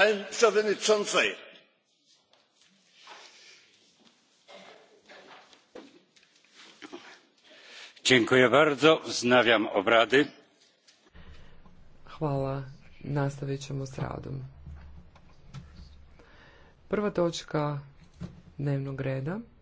pani przewodniczącej! wznawiam obrady. hvala nastavit ćemo s radom. prva točka dnevnog reda